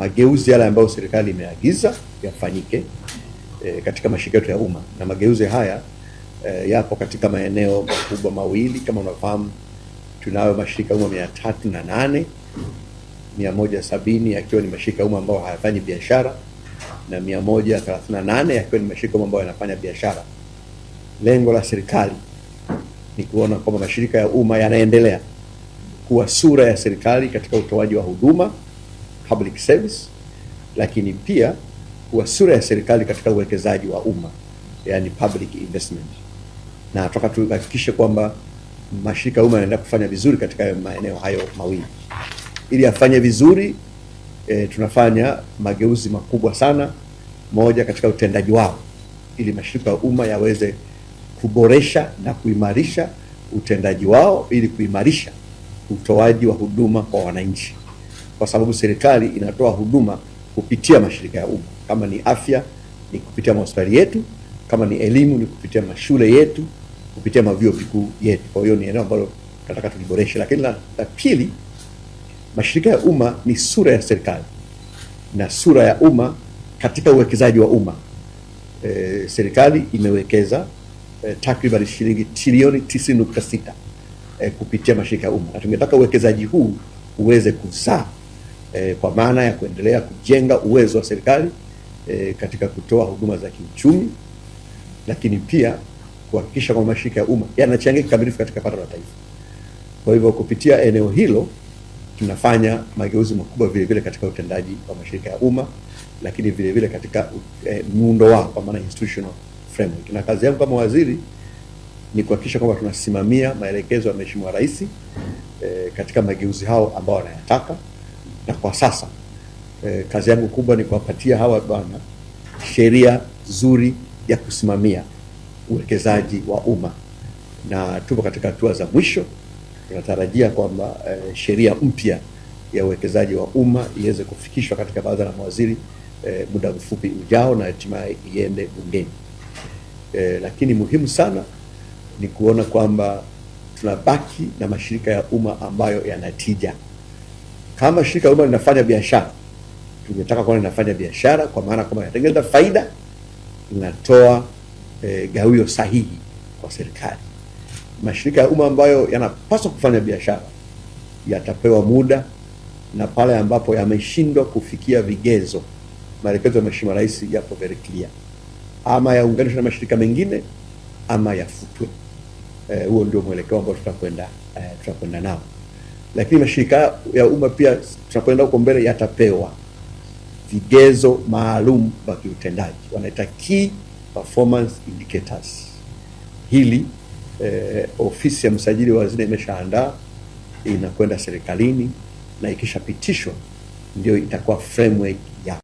mageuzi yale ambayo serikali imeagiza yafanyike e, katika mashirika yetu ya umma na mageuzi haya e, yapo katika maeneo makubwa mawili. Kama unafahamu, tunayo mashirika ya umma mia tatu na nane mia moja sabini yakiwa ni mashirika ya umma ambayo hayafanyi biashara na mia moja thelathini na nane yakiwa ni mashirika ya umma ambayo yanafanya biashara. Lengo la serikali ni kuona kwamba mashirika ya umma yanaendelea kuwa sura ya serikali katika utoaji wa huduma public service, lakini pia kuwa sura ya serikali katika uwekezaji wa umma yani public investment, na tunataka tuhakikishe kwamba mashirika ya umma yanaenda kufanya vizuri katika maeneo hayo mawili. Ili afanye vizuri e, tunafanya mageuzi makubwa sana, moja katika utendaji wao, ili mashirika ya umma yaweze kuboresha na kuimarisha utendaji wao ili kuimarisha utoaji wa huduma kwa wananchi kwa sababu serikali inatoa huduma kupitia mashirika ya umma. Kama ni afya ni kupitia mahospitali yetu, kama ni elimu ni kupitia mashule yetu, kupitia mavyuo vikuu yetu. Kwa hiyo ni eneo ambalo tunataka tuliboreshe. Lakini la, la pili, mashirika ya umma ni sura ya serikali na sura ya umma katika uwekezaji wa umma. E, serikali imewekeza e, takriban shilingi trilioni 90.6 e, kupitia mashirika ya umma na tungetaka uwekezaji huu uweze kuzaa eh, kwa maana ya kuendelea kujenga uwezo wa serikali eh, katika kutoa huduma za kiuchumi, lakini pia kuhakikisha kwamba mashirika ya umma yanachangia kikamilifu katika pato la taifa. Kwa hivyo kupitia eneo hilo tunafanya mageuzi makubwa vile vile katika utendaji wa mashirika ya umma, lakini vile vile katika eh, muundo wao kwa maana institutional framework. Na kazi yangu kama waziri ni kuhakikisha kwamba tunasimamia maelekezo ya Mheshimiwa Rais eh, katika mageuzi hao ambao wanayataka na kwa sasa eh, kazi yangu kubwa ni kuwapatia hawa bwana sheria nzuri ya kusimamia uwekezaji wa umma, na tupo katika hatua za mwisho. Tunatarajia kwamba eh, sheria mpya ya uwekezaji wa umma iweze kufikishwa katika baraza la mawaziri eh, muda mfupi ujao na hatimaye iende bungeni. Eh, lakini muhimu sana ni kuona kwamba tunabaki na mashirika ya umma ambayo yanatija. Kama shirika la umma linafanya biashara, tungetaka kuona linafanya biashara kwa maana kwamba inatengeneza faida, linatoa e, gawio sahihi kwa serikali. Mashirika ya umma ambayo yanapaswa kufanya biashara yatapewa muda, na pale ambapo yameshindwa kufikia vigezo, maelekezo ya Mheshimiwa Rais yapo very clear, ama yaunganishwe na mashirika mengine ama yafutwe. Eh, huo e, ndio mwelekeo ambao tutakwenda e, tutakwenda nao lakini mashirika ya umma pia tunapoenda huko mbele yatapewa vigezo maalum vya kiutendaji, wanaita key performance indicators. Hili eh, ofisi ya msajili wa hazina imeshaandaa inakwenda serikalini na ikishapitishwa ndio itakuwa framework ya